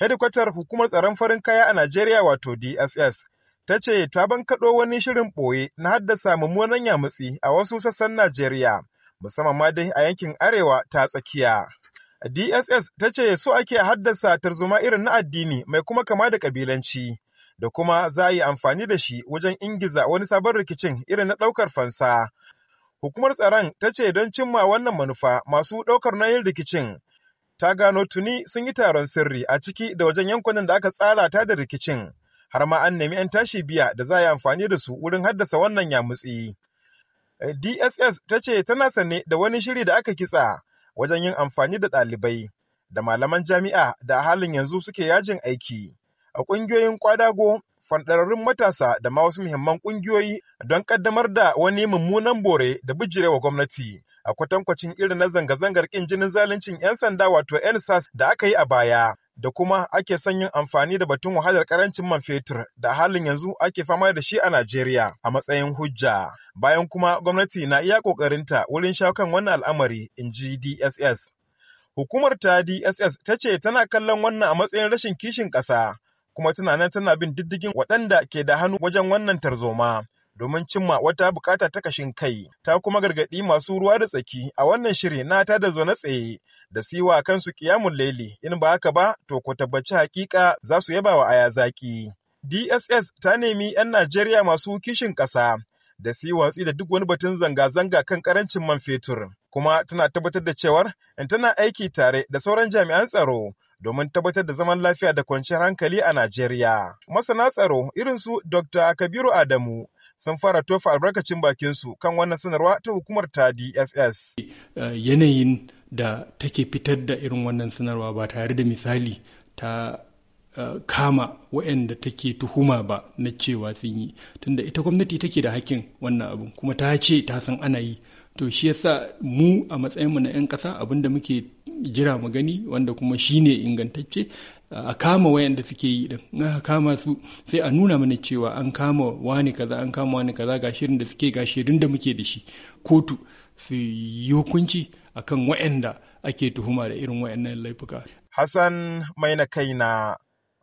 hedikwatar hukumar tsaron farin kaya a Najeriya wato DSS ta ce ta bankaɗo wani shirin ɓoye na haddasa mummunan yamutsi a wasu sassan Najeriya, musamman ma dai a yankin Arewa ta tsakiya. DSS ta ce so ake haddasa tarzoma irin na addini mai kuma kama da ƙabilanci, da kuma za a yi amfani da shi wajen ingiza wani sabon rikicin irin na ɗaukar fansa. Hukumar tsaron ta ce don cimma wannan manufa masu ɗaukar nayin rikicin ta gano tuni sun yi taron sirri a ciki da wajen yankunan da aka tsara ta da rikicin har ma an nemi 'yan tashi biya da za a yi amfani da su wurin haddasa wannan yamutsi. DSS ta ce tana sane da wani shiri da aka kitsa wajen yin amfani da ɗalibai da malaman jami'a da halin yanzu suke yajin aiki. A ƙungiyoyin kwadago, fanɗararrun matasa da ma wasu muhimman ƙungiyoyi don ƙaddamar da wani mummunan bore da bijirewa gwamnati a kwatankwacin irin na zanga-zangar ƙin jinin zaluncin 'yan sanda wato nsas da aka yi a baya da kuma ake son yin amfani da batun wahalar karancin man fetur da halin yanzu ake fama da shi a Najeriya a matsayin hujja. Bayan kuma gwamnati na iya ƙoƙarinta wurin shakan wannan al'amari, in ji DSS. Hukumar ta DSS ta ce tana kallon wannan a matsayin rashin kishin ƙasa, kuma tana nan tana bin diddigin waɗanda ke da hannu wajen wannan tarzoma. domin cimma wata bukata ta kashin kai ta kuma gargaɗi masu ruwa da tsaki a wannan shiri nata da zo na tsaye da siwa kansu kiyamun laili in ba haka ba to ku tabbaci hakika za su yaba wa aya zaki DSS ta nemi 'yan Najeriya masu kishin ƙasa da su yi watsi da duk wani batun zanga-zanga kan karancin man fetur, kuma tana tabbatar da cewar in tana aiki tare da sauran jami'an tsaro domin tabbatar da zaman lafiya da kwanciyar hankali a Najeriya. Masana tsaro irin su Dr. Kabiru Adamu sun fara tofa albarkacin bakinsu kan wannan sanarwa ta hukumar ta DSS. Eh, yanayin da take fitar da irin wannan sanarwa ba tare da misali ta Eh, kama waɗanda take tuhuma ba na cewa sun yi tunda ita gwamnati take da hakkin wannan abun kuma ta ce ta san ana yi to shi yasa mu a matsayinmu na 'yan ƙasa abinda muke jira mu gani wanda kuma shine ingantacce a kama wayanda suke yi din na kama su sai a nuna mana cewa an kama wani kaza an kama wani kaza ga shirin da suke ga shirin da muke da shi kotu su yi hukunci akan wayanda ake tuhuma da irin wayannan laifuka Hassan mai na kaina